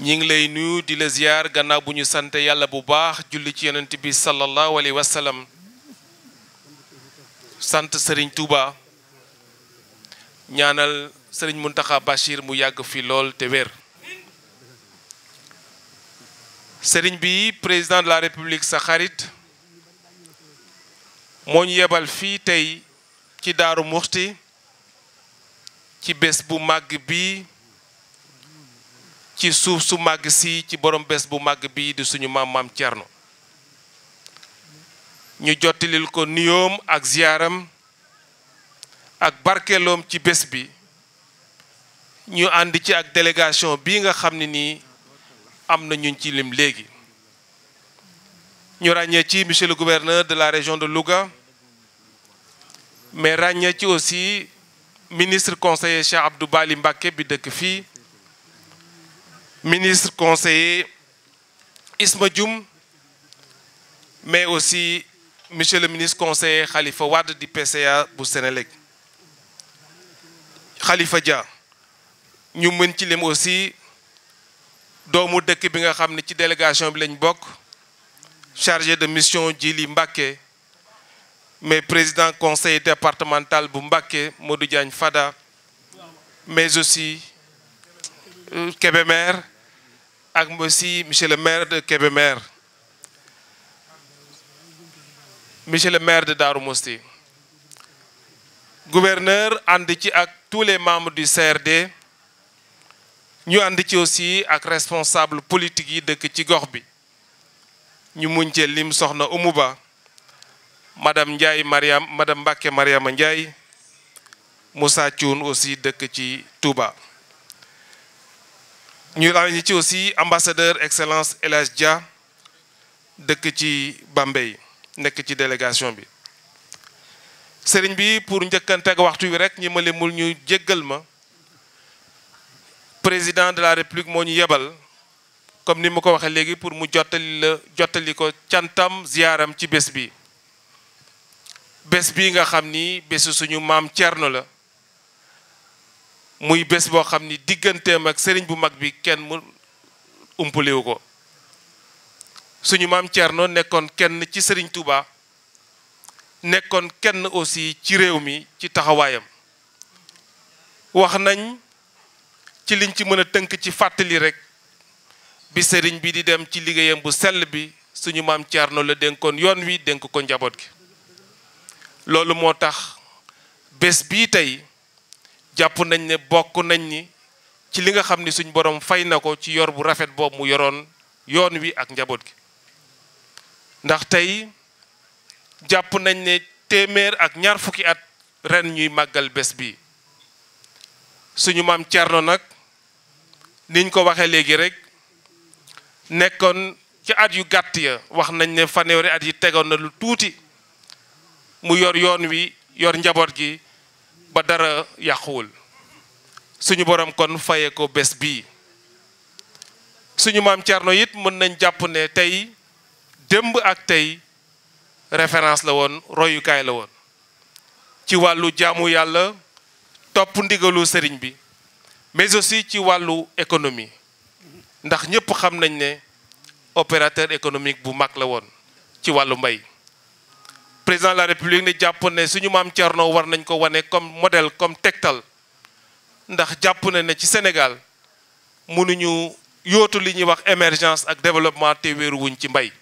ñi ngi lay nuyu di la ziyaar gannaaw bu ñu sant yàlla bu baax julli ci yonent bi sallallahu alayhi wa sallam sant sëriñ Touba ñaanal sëriñ Muntaxa Bachir mu yàgg fi lool te wér sëriñ bi président de la république sa xarit moo ñu yebal fii tey ci Daaru Muxti ci bés bu màgg bi ci suuf su màgg si ci borom bés bu màgg bii di suñu maam maam Thierno ñu jottilil ko nuyoom ak ziyaaram ak barkeeloom ci bés bi ñu ànd ci ak délégation bii nga xam ni nii am na ñu ci lim léegi ñu ràññee ci monsieur le gouverneur de la région de Louga mais ràññee ci aussi ministre conseiller Cheikh Abdou Bali Mbacké bi dëkk fii ministre conseiller Isma jum mais aussi monsieur le ministre conseiller xalifa Wade di PCA bu Sénélec Khalifa Dia ñu mën ci lim aussi doomu dëkk bi nga xam ni ci délégation bi lañ bokk chargé de mission ji li Mbacké mais président conseil départemental bu Mbacké Modou Diagne Fada mais aussi euh, Kébémer ak aussi monsieur le maire de Kébémer monsieur le maire de Darou Mousti gouverneur ànd ci ak tous les du CRD ñu ànd ci aussi ak responsable politique yi dëkk ci gox bi ñu muñ cee lim soxna Oumou Ba madame Ndiaye Mariam madame Mbacké Mariama Ndiaye Moussa Thioune aussi dëkk ci tuuba ñu laa ñi ci aussi ambassadeur excellence El Hadj Dia dëkk ci Bambey nekk ci délégation bi sëriñ bi pour njëkkante ak waxtu wi rek ñi ma limul ñu jéggal ma président de la république moo ñu yebal comme ni ma ko waxee léegi pour mu jottali la jottali ko cantam ziyaaram ci bés bi bés bi nga xam ni bésu suñu maam Thierno la muy bés boo xam ni digganteem ak sëriñ bu mag bi kenn mu umpaliwu ko suñu maam Thierno nekkoon kenn ci sëriñ Touba nekkoon kenn aussi ci réew mi ci taxawaayam wax nañ ci liñ ci mën a tënk ci fàttali rekk bi sëriñ bi di dem ci liggéeyam bu sell bi suñu maam Thierno la dénkoon yoon wi dénk ko njaboot gi loolu moo tax bés bii tey jàpp nañ ne bokk nañ ni ci li nga xam ni suñ borom fay na ko ci yor bu rafet boobu mu yoroon yoon wi ak njaboot gi ndax tey jàpp nañ ne téeméer ak ñaar fukki at ren ñuy màggal bés bi suñu maam Thierno nag niñ ko waxee léegi rek nekkoon ci at yu gàtt ya wax nañ ne fanweeri at yi tegoon na lu tuuti mu yor yoon wi yor njaboot gi ba dara yàquwul suñu borom kon fayee ko bés bii suñu maam Thierno it mën nañ jàpp ne tey démb ak tey référence la woon royukaay la woon ci wàllu jaamu yàlla topp ndigalu sëriñ bi mais aussi ci wàllu économie ndax ñëpp xam nañ ne opérateur économique bu mag la woon ci wàllu mbay président de la république ni jàpp ne suñu maam Thierno war nañ ko wane comme modèle comme tegtal ndax jàpp na ne ci Sénégal mënuñu yootu li ñuy wax émergence ak développement te wéeru wuñ ci mbay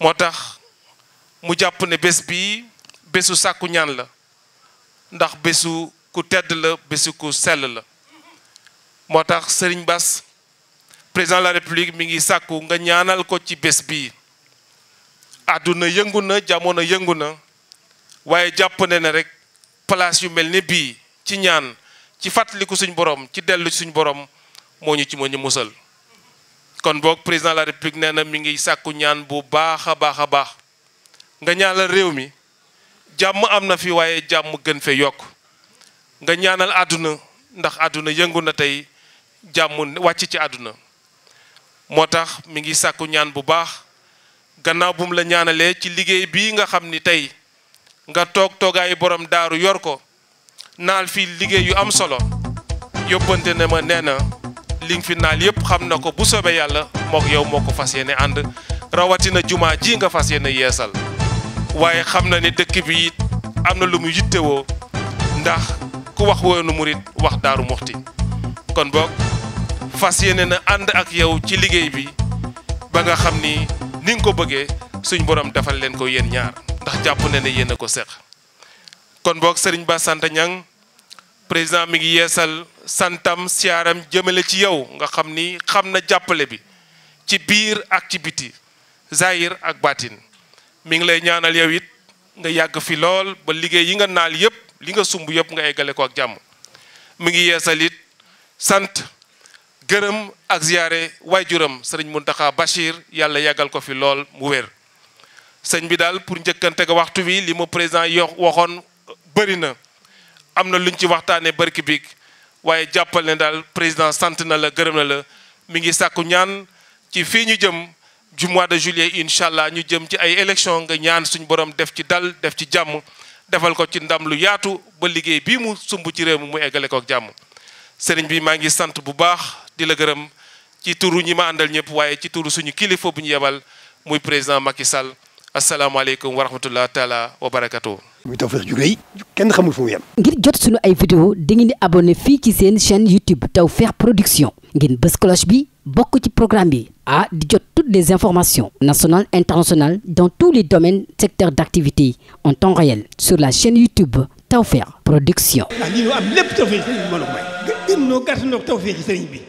moo tax mu jàpp ne bés bii bésu sàkku ñaan la ndax bésu ku tedd la bésu ku sell la moo tax Serigne Bass président la république mi ngi sàkku nga ñaanal ko ci bés bii àdduna yëngu na jamono yëngu na waaye jàpp ne ne rek place yu mel ni bii ci ñaan ci fàttaliku suñ boroom ci dellu suñ borom moo ñu ci moo ñu musal kon boog président la république nee na mi ngi sàkku ñaan bu baax a baax a baax nga réew mi jàmm am na fi waaye jàmm gën fee yokk nga ñaanal àdduna ndax àdduna yëngu na tey jàmm wàcc ci àdduna moo tax mi ngi sàkku ñaan bu baax gannaaw bu mu la ñaanalee ci liggéey bii nga xam ni tey nga toog toogaayu borom daaru yor ko naal fii liggéey yu am solo yóbbante na ma nee na li fi naal yëpp xam na ko bu soobee yàlla mook yow moo ko fas yéene ànd rawatina jumaa ji nga fas yéene yeesal waaye xam na ni dëkk bi it am na lu mu yittewoo ndax ku wax woonu murit wax daaru muxti kon boog fas yéene na ànd ak yow ci liggéey bi ba nga xam ni ni nga ko bëggee suñ borom defal leen ko yéen ñaar ndax jàpp na ne yéen a ko seq kon boog sëriñ Ba sant ñaŋ président mi ngi yeesal santam siyaaram jëmale ci yow nga xam ni xam na jàppale bi ci biir ak ci biti zahir ak baatin mu ngi lay ñaanal yow it nga yàgg fi lool ba liggéey yi nga naal yëpp li nga sumb yëpp nga eggale ko ak jàmm mi ngi yeesal it sant gërëm ak ziyaare waajuram sëriñ Muntaxa Bachir yàlla yàggal ko fi lool mu wér sëñ bi daal pour njëkkante ga waxtu wi li ma président yo waxoon euh, bëri na am na luñ ci waxtaanee barki biig waaye jàppal ne daal président sant na la gërëm na la mi ngi sàkku ñaan ci fii ñu jëm ju mois de juillet incha allah ñu jëm ci ay élection nga ñaan suñu borom def ci dal def ci jàmm defal ko ci ndam lu yaatu ba liggéey bi mu sumb ci réew mi mu eggale ko ak jàmm sëriñ di la gërëm ci turu ñi ma àndal ñëpp waaye ci turu suñu kilifa bu ñu yebal muy président Macky Sall asalaamaaleykum wa rahmatullah taala ngir jot suñu ay vidéo dangeen di abonné fii ci seen chaîne YouTube Tawfekh Production ngeen bës cloche bi bokk ci programme bi ah di jot toutes des informations national internationales dans tous les domaines secteurs d'activité en temps réel sur la chaîne YouTube Tawfekh Production. ah lii